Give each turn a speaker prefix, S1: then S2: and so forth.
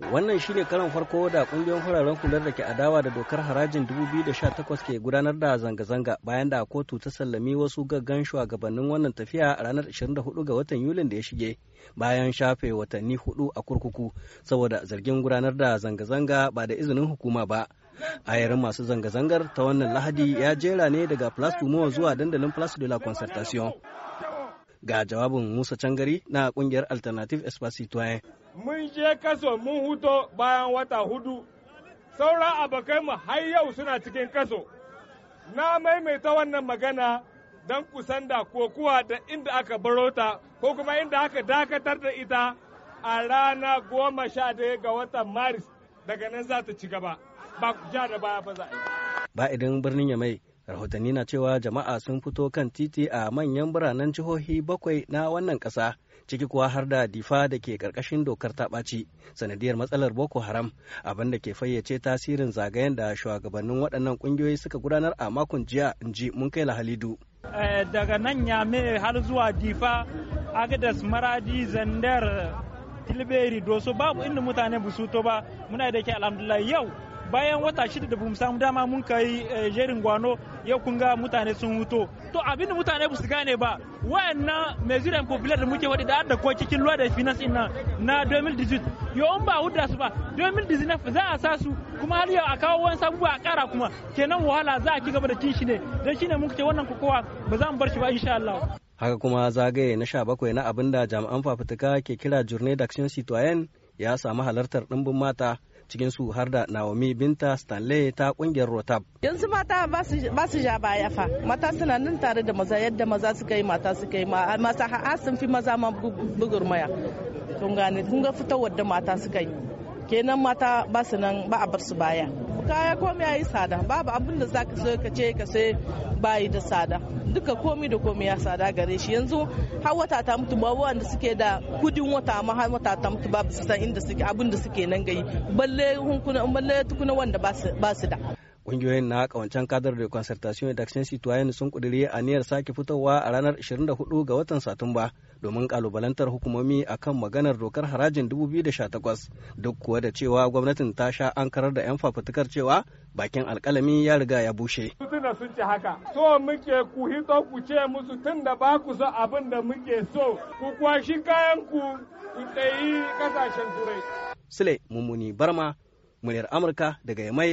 S1: Wannan shine karan farko da kungiyoyin fararen kular da ke adawa da dokar harajin 2018 ke gudanar da zanga-zanga bayan da kotu ta sallami wasu gaggan shugabannin wannan tafiya a ranar 24 ga watan Yulin da ya shige bayan shafe watanni hudu a kurkuku saboda zargin gudanar da zanga-zanga ba da izinin hukuma ba. A ayarin masu zanga-zangar ta wannan lahadi ya jera ne daga Place zuwa dandalin Place de la Concertation. Ga jawabin Musa Cangari na kungiyar Alternative Espacitoyen.
S2: mun je kaso mun huto bayan wata hudu sauran abokai mu har yau suna cikin kaso na maimaita wannan magana don kusan da kokuwa da inda aka baro ta ko kuma inda aka dakatar da ita a rana goma sha daya ga watan maris daga nan za ta ci gaba ba ja da baya fa za a yi
S1: ba idan birnin ya mai rahotanni na cewa jama'a sun fito kan titi a manyan biranen jihohi bakwai na wannan ƙasa ciki kuwa har da difa da ke ƙarƙashin dokar taɓaci sanadiyar matsalar boko haram abin da ke fayyace tasirin zagayen da shugabannin waɗannan ƙungiyoyi suka gudanar a makon jiya in ji mun kai lahalidu.
S3: Eh, daga nan yame har zuwa difa agadas maradi zandar tilberi doso babu inda mutane busuto ba muna da ke alhamdulillah yau bayan wata shida da bamu samu dama mun kai eh, jerin gwano yau kun ga mutane sun huto to abinda mutane ba su gane ba wayannan mezuran popular da muke wadi da adda ko cikin luwa da finance din nan na 2018 yau ba huda su ba 2019 za a sa su kuma har yau a kawo wani sabuwa a kara kuma kenan wahala za a ci gaba da cin shi ne dan shine muke wannan kokowa ba za mu bar shi ba insha Allah
S1: haka kuma zagaye na 17 na abinda jami'an fafutuka ke kira journée d'action citoyenne ya samu halartar dimbin mata cikin su har da Naomi Binta Stanley ta kungiyar Rotab.
S4: Yanzu mata ba su ja baya fa. Mata suna nan tare da maza yadda maza suka yi mata suka yi mas'a ha'a sun fi maza ma bugurmaya. Kun gane kun ga fitowar da mata suka yi. kenan mata ba su nan ba a bar su baya kaya komai yi tsada babu abin da zaka so ka ce ka sai bayi da tsada duka komi da komai ya sada gare shi yanzu har wata ta mutu babu wanda suke da kudin wata ma har wata ta mutu babu su san inda suke abin da suke nan gayi balle hunkuna balle tukuna wanda ba su da
S1: Ƙungiyoyin na kawancen kadar da concertation da action citoyen sun ƙudiri aniyar sake fitowa a ranar 24 ga watan Satumba domin kalubalantar hukumomi akan maganar dokar harajin 2018 duk kuwa da cewa gwamnatin ta sha an karar da 'yan fafutukar cewa bakin alkalami ya riga ya bushe.
S2: Tuna sun ce haka, so muke ku hitso ku ce musu tun da ba ku so abin da muke so, ku kwashi kayan ku ku tsayi kasashen turai.
S1: Sule Mummuni Barma, muryar Amurka daga Yamai